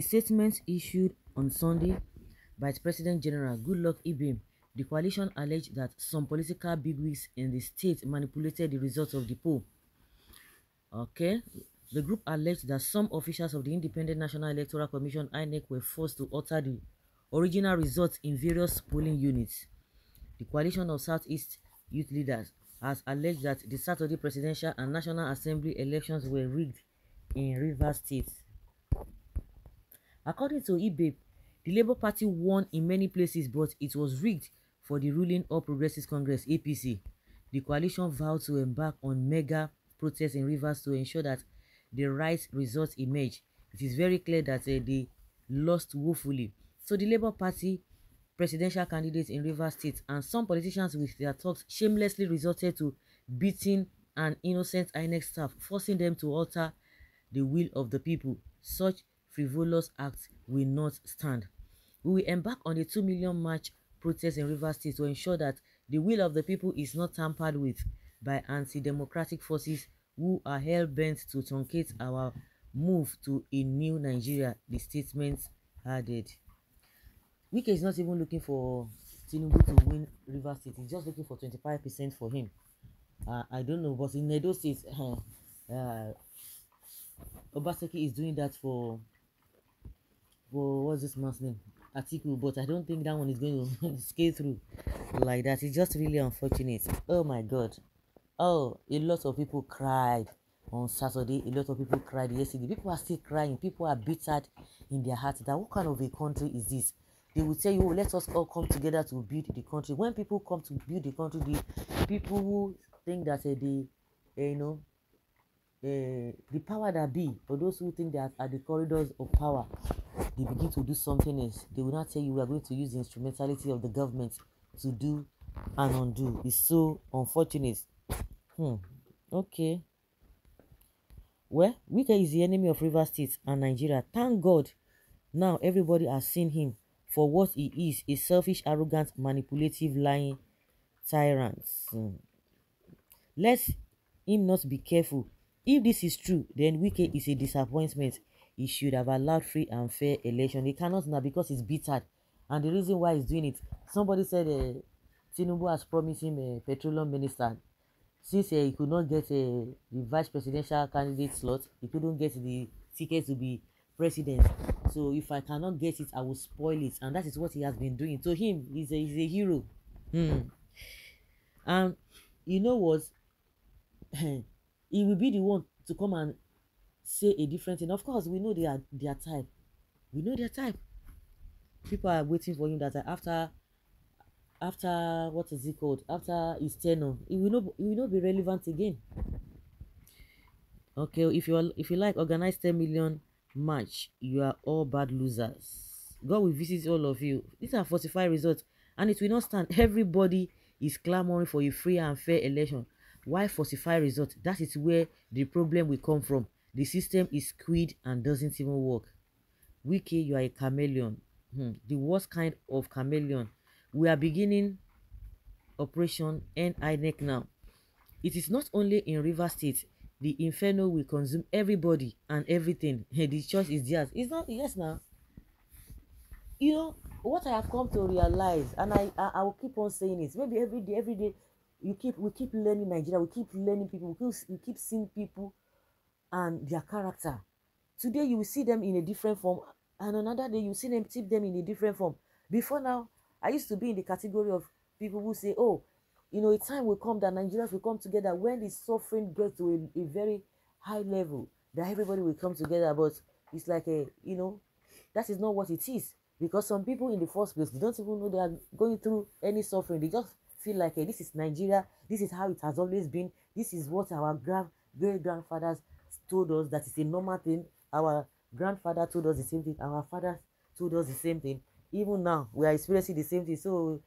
a statement issued on Sunday by President General Goodluck Ibim, the coalition alleged that some political bigwigs in the state manipulated the results of the poll. Okay, the group alleged that some officials of the Independent National Electoral Commission (INEC) were forced to alter the original results in various polling units. The coalition of Southeast youth leaders has alleged that the Saturday presidential and National Assembly elections were rigged in River State. According to Ibek, the Labour Party won in many places but it was rigged for the ruling All Progressives Congress APC. The coalition vowed to embark on mega protests in Rivers to ensure that the right results emerge. It is very clear that uh, they lost woefully. So the Labour Party presidential candidates in Rivers State and some politicians with their talks shamelessly resorted to beating an innocent INEC staff, forcing them to alter the will of the people. Such frivolous act will not stand. We will embark on a two million march protest in Rivers State to ensure that the will of the people is not tampered with by anti-democratic forces who are hell-bent to truncate our move to a new Nigeria, the statement added. Wike is not even looking for Tinubu to win Rivers State. He's just looking for 25% for him. Uh, I don't know, but in Edo State, uh, uh, Obaseki is doing that for for what's this man's name article but i don't think that one is going to scale through like that it's just really unfortunate oh my god oh a lot of people cried on saturday a lot of people cried yesterday people are still crying people are bitter in their hearts. that what kind of a country is this they will tell you oh, let us all come together to build the country when people come to build the country the people who think that uh, they uh, you know uh, the power that be or those who think that are the corridors of power they begin to do something else. They will not tell you we are going to use the instrumentality of the government to do and undo. It's so unfortunate. Hmm. Okay. Well, Wike is the enemy of River State and Nigeria. Thank God. Now everybody has seen him for what he is a selfish, arrogant, manipulative, lying tyrant. Hmm. Let him not be careful. If this is true, then Wike is a disappointment he should have allowed free and fair election. He cannot now because he's bitter. And the reason why he's doing it, somebody said uh, Tinubu has promised him a petroleum minister. Since uh, he could not get uh, the vice presidential candidate slot, he couldn't get the ticket to be president. So if I cannot get it, I will spoil it. And that is what he has been doing. So him, he's a, he's a hero. Hmm. And you know what? he will be the one to come and say a different thing. Of course, we know they are their type. We know their type. People are waiting for him that after after what is it called? After his tenure, it will not it will not be relevant again. Okay, if you are, if you like organize 10 million match, you are all bad losers. God will visit all of you. These are falsified results, and it will not stand. Everybody is clamoring for a free and fair election. Why falsify results? That is where the problem will come from. The system is squid and doesn't even work. Wiki, you are a chameleon. Hmm. The worst kind of chameleon. We are beginning Operation neck now. It is not only in River State. The inferno will consume everybody and everything. the choice is theirs. It's not, yes, now. You know, what I have come to realize, and I, I, I will keep on saying it, maybe every day, every day, you keep, we keep learning Nigeria, we keep learning people, we keep, we keep seeing people and their character. Today you will see them in a different form, and another day you see them tip them in a different form. Before now, I used to be in the category of people who say, "Oh, you know, a time will come that Nigerians will come together when the suffering gets to a, a very high level that everybody will come together." But it's like a, you know, that is not what it is because some people in the first place they don't even know they are going through any suffering. They just feel like, "Hey, this is Nigeria. This is how it has always been. This is what our grand great grandfathers told us that it's a normal thing. Our grandfather told us the same thing. Our father told us the same thing. Even now, we are experiencing the same thing. So,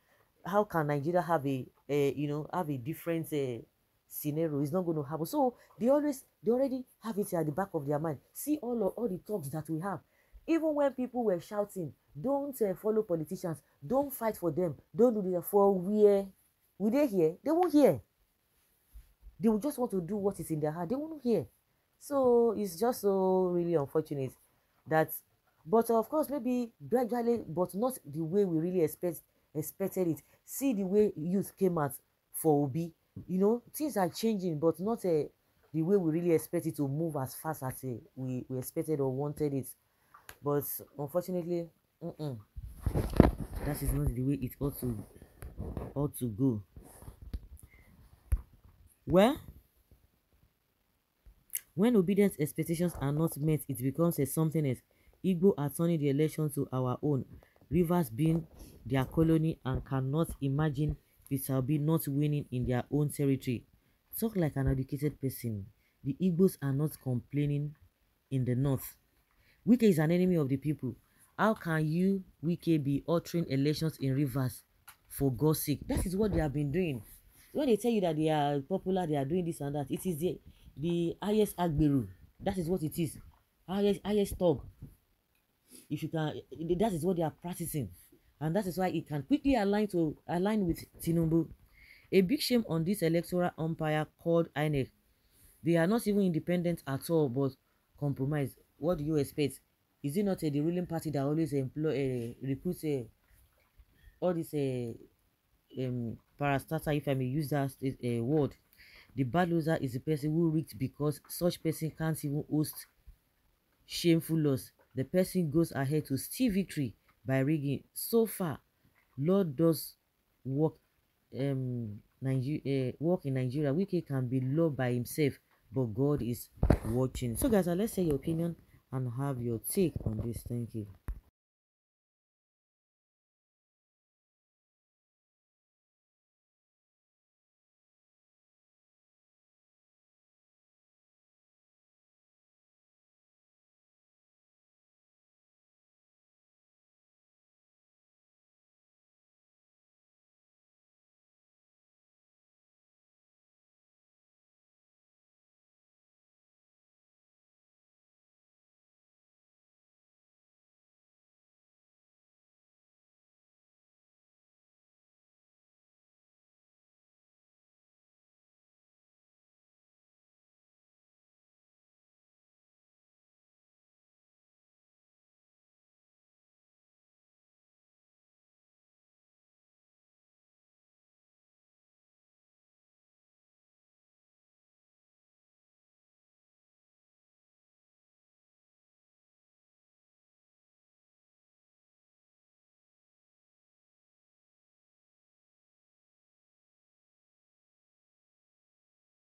how can Nigeria have a, a you know have a different uh, scenario? It's not going to happen. So they always they already have it at the back of their mind. See all of, all the talks that we have. Even when people were shouting, "Don't uh, follow politicians. Don't fight for them. Don't do this For where we they hear? They won't hear. They will just want to do what is in their heart. They won't hear. So it's just so really unfortunate that, but of course, maybe gradually, but not the way we really expect expected it. See the way youth came out for Obi. You know, things are changing, but not a, eh, the way we really expect it to move as fast as a, eh, we, we expected or wanted it. But unfortunately, mm-mm, that is not the way it ought to ought to go. Well, When obedience expectations are not met, it becomes a something else. Igbo are turning the election to our own, Rivers being their colony and cannot imagine Peter Obi not winning in their own territory. Talk like an educated person. The Igbos are not complaining in the north. Wike is an enemy of the people. How can you, Wike, be altering elections in Rivers for God's sake? That is what they have been doing when they tell you that they are popular they are doing this and that it is the the highest agbero that is what it is highest highest talk if you can that is what they are practicing and that is why it can quickly align to align with tinubu a big shame on this electoral umpire called inec they are not even independent at all but compromise what do you expect is it not uh, the ruling party that always employ uh, recruit uh, all these uh, um, parastata, if I may use that uh, word. The bad loser is the person who reeks because such person can't even host shameful loss. The person goes ahead to steal victory by rigging. So far, Lord does work um Niger uh, eh, work in Nigeria. Wike can be loved by himself, but God is watching. So guys, uh, let's say your opinion and have your take on this. Thank you.